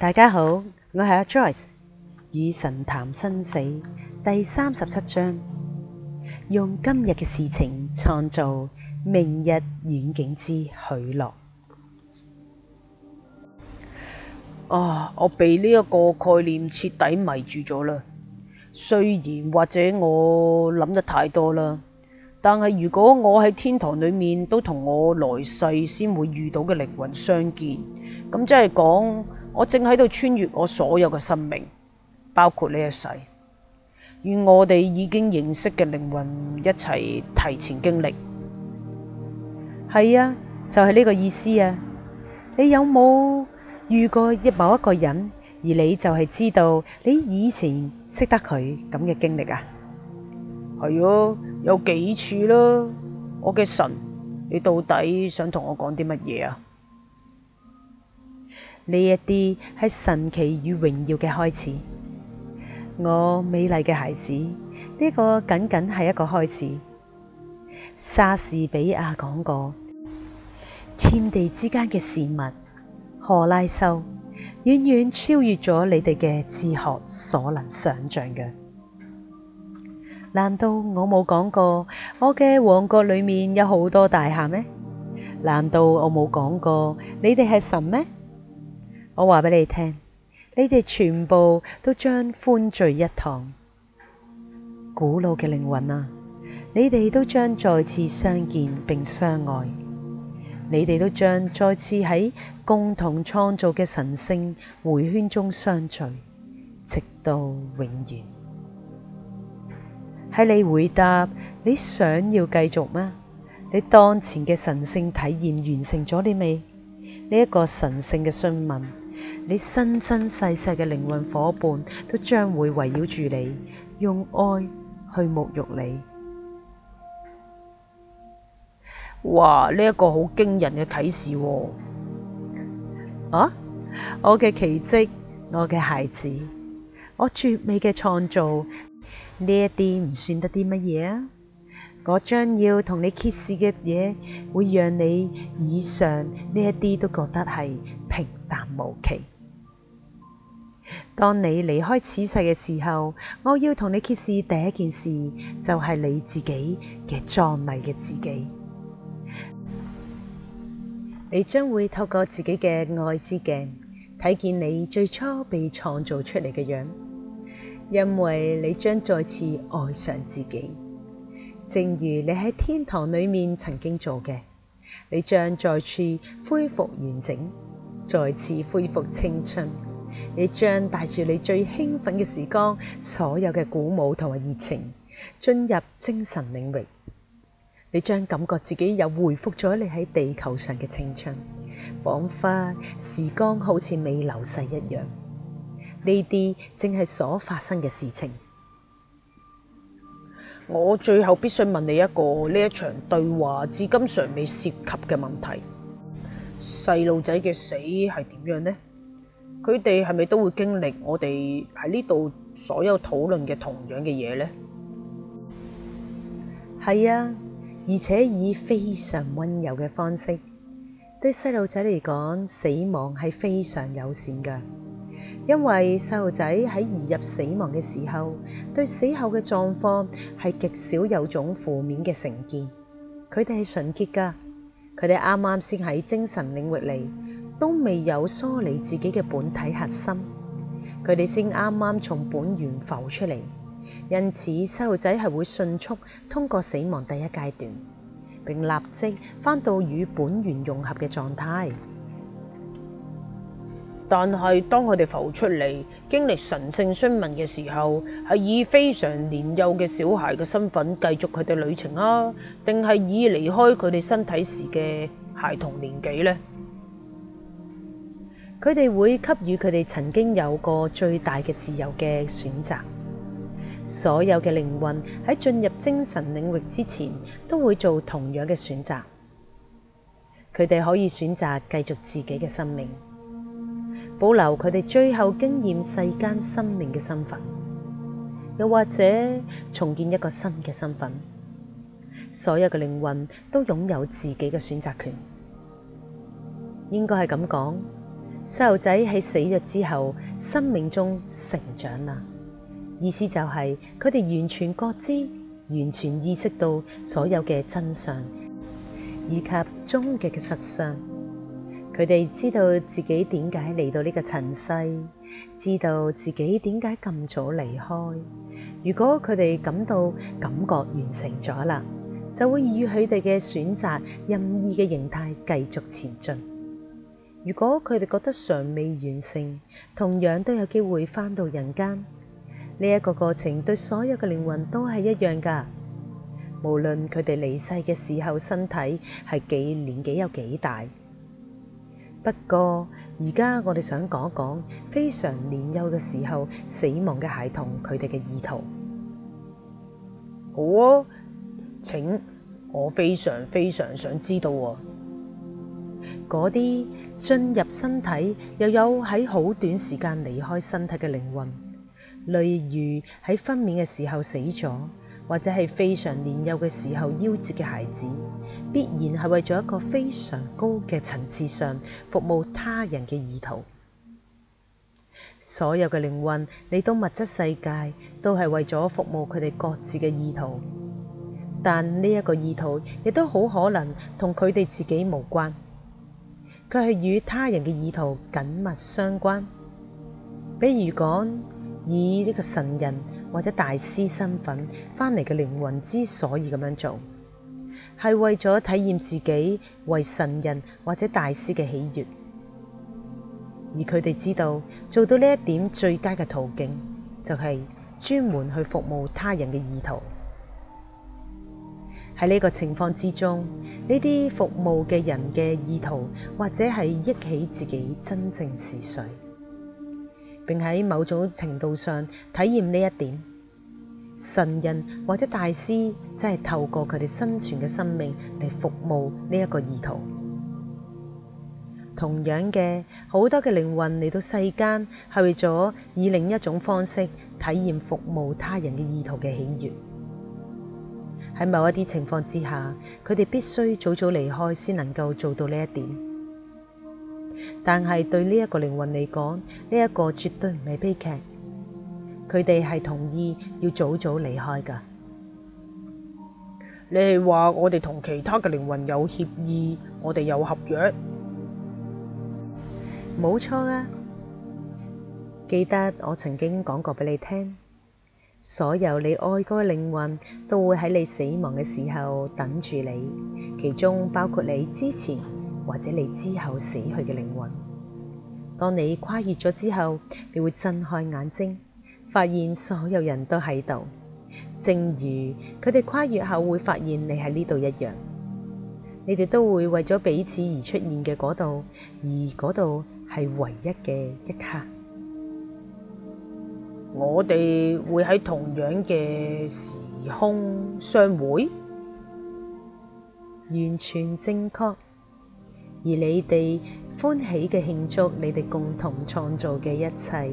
大家好，我係阿 Joyce，與神談生死第三十七章，用今日嘅事情創造明日願景之許諾。哦、啊，我被呢一個概念徹底迷住咗啦。雖然或者我諗得太多啦，但係如果我喺天堂裏面都同我來世先會遇到嘅靈魂相見，咁即係講。我正喺度穿越我所有嘅生命，包括呢一世，與我哋已經認識嘅靈魂一齊提前經歷。係啊，就係、是、呢個意思啊！你有冇遇過一某一個人，而你就係知道你以前識得佢咁嘅經歷啊？係哦、啊，有幾處咯，我嘅神，你到底想同我講啲乜嘢啊？呢一啲係神奇與榮耀嘅開始，我美麗嘅孩子，呢、這個僅僅係一個開始。莎士比亞講過，天地之間嘅事物，荷拉修，遠遠超越咗你哋嘅哲學所能想象嘅。難道我冇講過我嘅王國裏面有好多大廈咩？難道我冇講過你哋係神咩？我話俾你聽，你哋全部都將歡聚一堂，古老嘅靈魂啊！你哋都將再次相見並相愛，你哋都將再次喺共同創造嘅神聖回圈中相聚，直到永遠。係你回答，你想要繼續嗎？你當前嘅神聖體驗完成咗你未？呢、這、一個神聖嘅詢問。你生生世世嘅靈魂夥伴都將會圍繞住你，用愛去沐浴你。哇！呢、這、一個好驚人嘅啟示、哦，啊！我嘅奇蹟，我嘅孩子，我絕美嘅創造，呢一啲唔算得啲乜嘢啊！我將要同你揭示嘅嘢，會讓你以上呢一啲都覺得係平。但無期。當你離開此世嘅時候，我要同你揭示第一件事，就係、是、你自己嘅壯麗嘅自己。 你將會透過自己嘅愛之鏡，睇見你最初被創造出嚟嘅樣，因為你將再次愛上自己，正如你喺天堂裏面曾經做嘅，你將再次恢復完整。再次恢復青春，你將帶住你最興奮嘅時光，所有嘅鼓舞同埋熱情，進入精神領域。你將感覺自己又恢復咗你喺地球上嘅青春，仿佛時光好似未流逝一樣。呢啲正係所發生嘅事情。我最後必須問你一個呢一場對話至今尚未涉及嘅問題。細路仔嘅死係點樣呢？佢哋係咪都會經歷我哋喺呢度所有討論嘅同樣嘅嘢呢？係啊，而且以非常溫柔嘅方式，對細路仔嚟講，死亡係非常友善噶。因為細路仔喺移入死亡嘅時候，對死後嘅狀況係極少有種負面嘅成見，佢哋係純潔噶。佢哋啱啱先喺精神領域嚟，都未有梳理自己嘅本體核心，佢哋先啱啱從本源浮出嚟，因此細路仔係會迅速通過死亡第一階段，並立即返到與本源融合嘅狀態。但係，當佢哋浮出嚟，經歷神聖詢問嘅時候，係以非常年幼嘅小孩嘅身份繼續佢哋旅程啊？定係以離開佢哋身體時嘅孩童年紀呢？佢哋會給予佢哋曾經有過最大嘅自由嘅選擇。所有嘅靈魂喺進入精神領域之前，都會做同樣嘅選擇。佢哋可以選擇繼續自己嘅生命。保留佢哋最後經驗世間生命嘅身份，又或者重建一個新嘅身份。所有嘅靈魂都擁有自己嘅選擇權。應該係咁講，細路仔喺死咗之後，生命中成長啦。意思就係佢哋完全覺知，完全意識到所有嘅真相，以及終極嘅實相。佢哋知道自己點解嚟到呢個塵世，知道自己點解咁早離開。如果佢哋感到感覺完成咗啦，就會以佢哋嘅選擇任意嘅形態繼續前進。如果佢哋覺得尚未完成，同樣都有機會返到人間。呢一個過程對所有嘅靈魂都係一樣噶，無論佢哋離世嘅時候身體係幾年紀有幾大。不過而家我哋想講講非常年幼嘅時候死亡嘅孩童佢哋嘅意圖。好啊，請，我非常非常想知道喎啊。嗰啲進入身體又有喺好短時間離開身體嘅靈魂，例如喺分娩嘅時候死咗，或者係非常年幼嘅時候夭折嘅孩子，必然係為咗一個非常高嘅層次上服務他人嘅意圖。所有嘅靈魂，嚟到物質世界都係為咗服務佢哋各自嘅意圖，但呢一個意圖亦都好可能同佢哋自己無關，佢係與他人嘅意圖緊密相關。比如講，以呢個神人。或者大師身份翻嚟嘅靈魂之所以咁樣做，係為咗體驗自己為神人或者大師嘅喜悅，而佢哋知道做到呢一點最佳嘅途徑，就係專門去服務他人嘅意圖。喺呢個情況之中，呢啲服務嘅人嘅意圖，或者係憶起自己真正是誰。並喺某種程度上體驗呢一點，神人或者大師真係透過佢哋生存嘅生命嚟服務呢一個意圖。同樣嘅，好多嘅靈魂嚟到世間，係為咗以另一種方式體驗服務他人嘅意圖嘅喜悅。喺某一啲情況之下，佢哋必須早早離開先能夠做到呢一點。但係對呢一個靈魂嚟講，呢一個絕對唔係悲劇。佢哋係同意要早早離開噶。你係話我哋同其他嘅靈魂有協議，我哋有合約，冇錯啊！記得我曾經講過俾你聽，所有你愛過嘅靈魂都會喺你死亡嘅時候等住你，其中包括你之前。或者你之後死去嘅靈魂，當你跨越咗之後，你會睜開眼睛，發現所有人都喺度，正如佢哋跨越後會發現你喺呢度一樣，你哋都會為咗彼此而出現嘅嗰度，而嗰度係唯一嘅一刻。我哋會喺同樣嘅時空相會，完全正確。而你哋歡喜嘅慶祝，你哋共同創造嘅一切，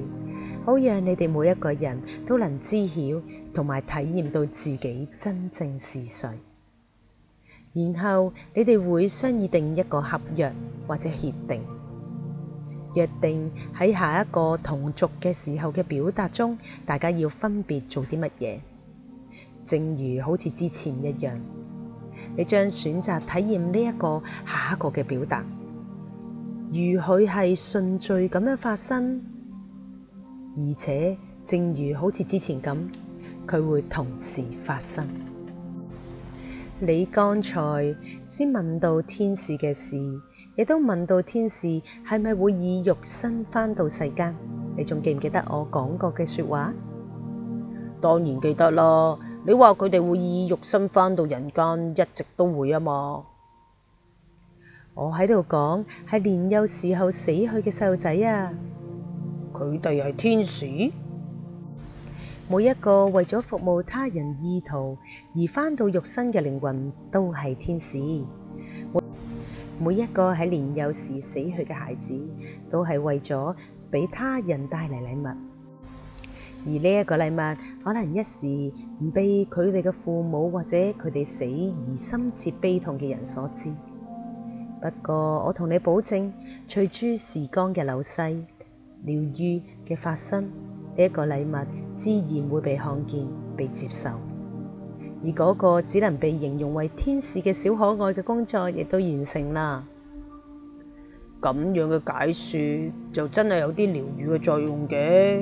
好讓你哋每一個人都能知曉同埋體驗到自己真正是誰。然後你哋會商議定一個合約或者協定，約定喺下一個同族嘅時候嘅表達中，大家要分別做啲乜嘢，正如好似之前一樣。你將選擇體驗呢一個下一個嘅表達，如佢係順序咁樣發生，而且正如好似之前咁，佢會同時發生。你剛才先問到天使嘅事，亦都問到天使係咪會以肉身返到世間？你仲記唔記得我講過嘅說話？當然記得咯。你話佢哋會以肉身返到人間，一直都會啊嘛？我喺度講係年幼時候死去嘅細路仔啊，佢哋係天使。每一個為咗服務他人意圖而返到肉身嘅靈魂都係天使。每每一個喺年幼時死去嘅孩子，都係為咗俾他人帶嚟禮物。而呢一個禮物可能一時唔被佢哋嘅父母或者佢哋死而深切悲痛嘅人所知。不過我同你保證，隨住時光嘅流逝，療癒嘅發生，呢一個禮物自然會被看見、被接受。而嗰個只能被形容為天使嘅小可愛嘅工作亦都完成啦。咁樣嘅解說就真係有啲療癒嘅作用嘅，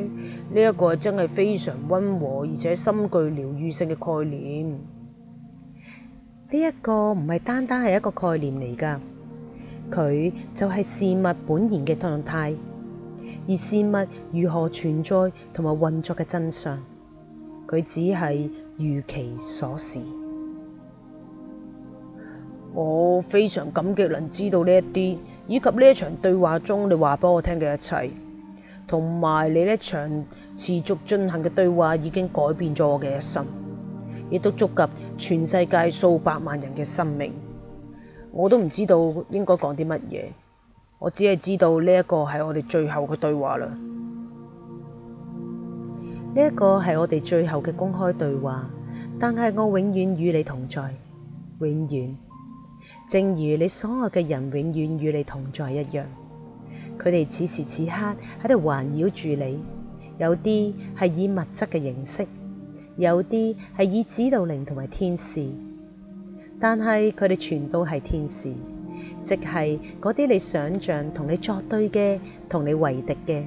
呢一個真係非常溫和而且深具療癒性嘅概念。以及呢一場對話中你話俾我聽嘅一切，同埋你呢場持續進行嘅對話已經改變咗我嘅一生，亦都觸及全世界數百萬人嘅生命。我都唔知道應該講啲乜嘢，我只係知道呢一個係我哋最後嘅對話啦。呢一個係我哋最後嘅公開對話，但係我永遠與你同在，永遠。正如你所愛嘅人永遠與你同在一樣，佢哋此時此刻喺度環繞住你，有啲係以物質嘅形式，有啲係以指導靈同埋天使，但係佢哋全都係天使，即係嗰啲你想象同你作對嘅，同你為敵嘅，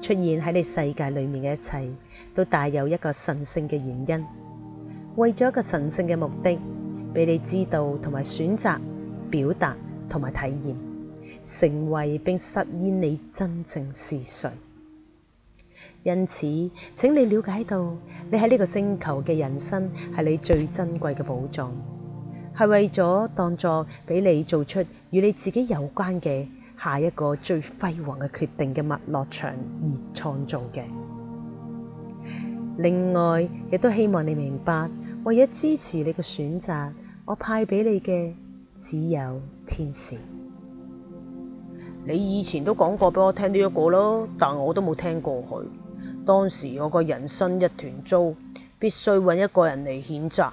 出現喺你世界裏面嘅一切，都帶有一個神聖嘅原因，為咗一個神聖嘅目的，俾你知道同埋選擇。表達同埋體驗，成為並實現你真正是誰。因此，請你了解到，你喺呢個星球嘅人生係你最珍貴嘅寶藏，係為咗當作俾你做出與你自己有關嘅下一個最輝煌嘅決定嘅脈絡場而創造嘅。另外，亦都希望你明白，為咗支持你嘅選擇，我派俾你嘅。只有天使。你以前都講過俾我聽呢一個咯，但我都冇聽過佢。當時我個人生一團糟，必須揾一個人嚟譴責。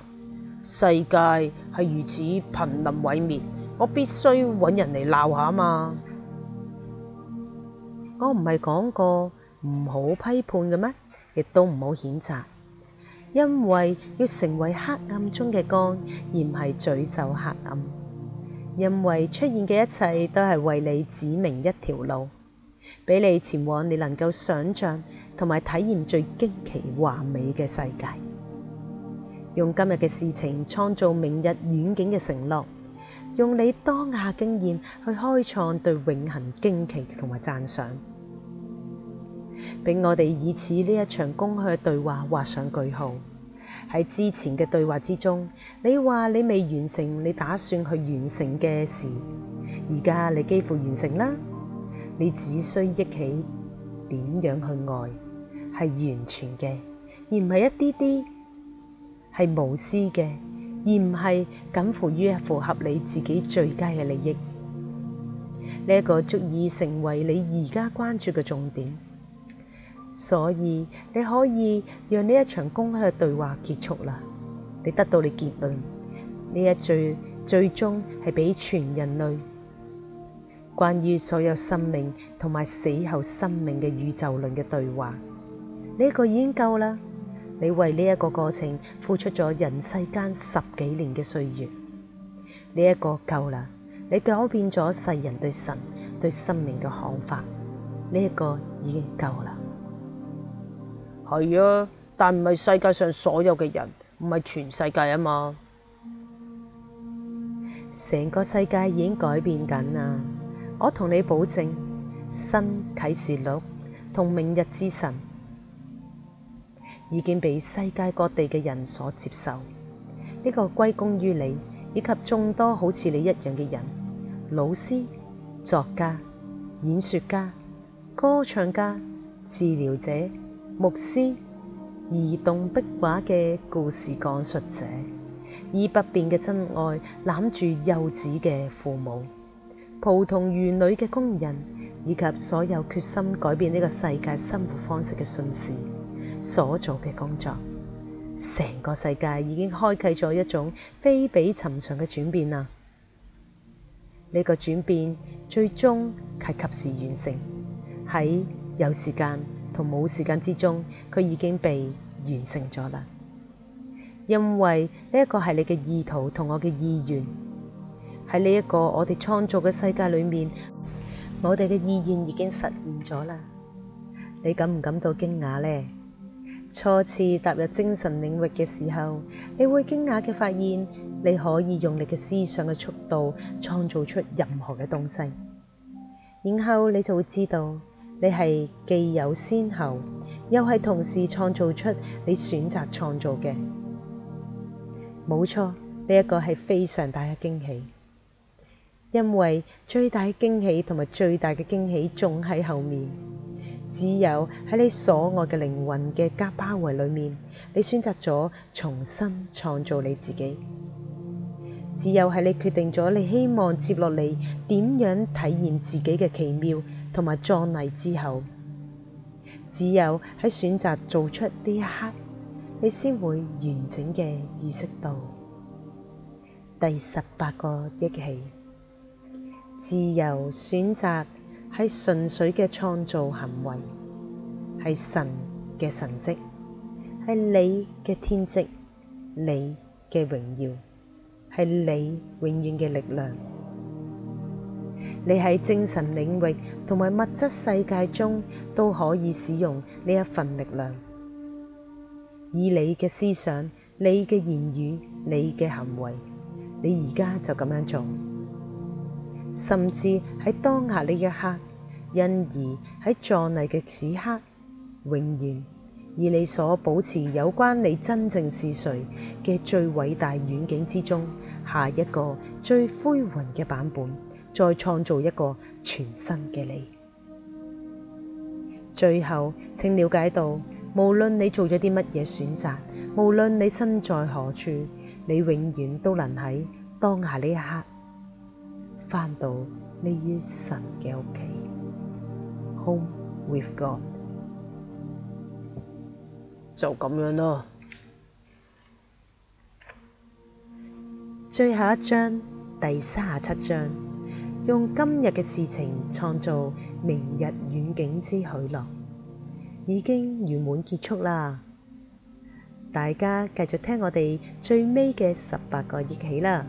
世界係如此瀕臨毀滅，我必須揾人嚟鬧下嘛。我唔係講過唔好批判嘅咩？亦都唔好譴責，因為要成為黑暗中嘅光，而唔係詛咒黑暗。因為出現嘅一切都係為你指明一條路，俾你前往你能夠想象同埋體驗最驚奇華美嘅世界。用今日嘅事情創造明日遠景嘅承諾，用你當下的經驗去開創對永恆驚奇同埋讚賞，俾我哋以此呢一場公開對話畫上句號。喺之前嘅對話之中，你話你未完成你打算去完成嘅事，而家你幾乎完成啦。你只需憶起點樣去愛，係完全嘅，而唔係一啲啲，係無私嘅，而唔係僅乎於符合你自己最佳嘅利益。呢一個足以成為你而家關注嘅重點。所以你可以讓呢一場公開嘅對話結束啦。你得到你結論，呢一最最終係俾全人類關於所有生命同埋死後生命嘅宇宙論嘅對話呢一個已經夠啦。你為呢一個過程付出咗人世間十幾年嘅歲月，呢一個夠啦。你改變咗世人對神對生命嘅看法，呢一個已經夠啦。係啊，但唔係世界上所有嘅人，唔係全世界啊嘛。成個世界已經改變緊啦，我同你保證，《新啟示錄》同《明日之神》已經被世界各地嘅人所接受。呢個歸功於你以及眾多好似你一樣嘅人：老師、作家、演說家、歌唱家、治療者。牧師、移動壁畫嘅故事講述者、以不變嘅真愛攬住幼子嘅父母、葡萄園裡嘅工人，以及所有決心改變呢個世界生活方式嘅信士，所做嘅工作，成個世界已經開啟咗一種非比尋常嘅轉變啦！呢個轉變最終係及時完成，喺有時間。同冇時間之中，佢已經被完成咗啦。因為呢一個係你嘅意圖同我嘅意願。喺呢一個我哋創造嘅世界裏面，我哋嘅意願已經實現咗啦。你感唔感到驚訝呢？初次踏入精神領域嘅時候，你會驚訝嘅發現，你可以用你嘅思想嘅速度創造出任何嘅東西，然後你就會知道。你係既有先後，又係同時創造出你選擇創造嘅，冇錯。呢一個係非常大嘅驚喜，因為最大嘅驚喜同埋最大嘅驚喜仲喺後面。只有喺你所愛嘅靈魂嘅加包圍裏面，你選擇咗重新創造你自己。只有係你決定咗你希望接落嚟點樣體驗自己嘅奇妙，同埋壯麗之後，只有喺選擇做出呢一刻，你先會完整嘅意識到第十八個憶起，自由選擇係純粹嘅創造行為，係神嘅神蹟，係你嘅天職，你嘅榮耀，係你永遠嘅力量。你喺精神領域同埋物質世界中都可以使用呢一份力量，以你嘅思想、你嘅言語，你嘅行為，你而家就咁樣做，甚至喺當下呢一刻，因而喺壯麗嘅此刻，永遠。以你所保持有關你真正是誰嘅最偉大遠景之中，下一個最輝煌嘅版本。再創造一個全新嘅你。最後，請了解到，無論你做咗啲乜嘢選擇，無論你身在何處，你永遠都能喺當下呢一刻返到呢啲神嘅屋企。Home with God。就咁樣囉。最後一章，第三十七章。用今日嘅事情創造明日願景之許諾，已經圓滿結束啦！大家繼續聽我哋最尾嘅十八個熱起啦！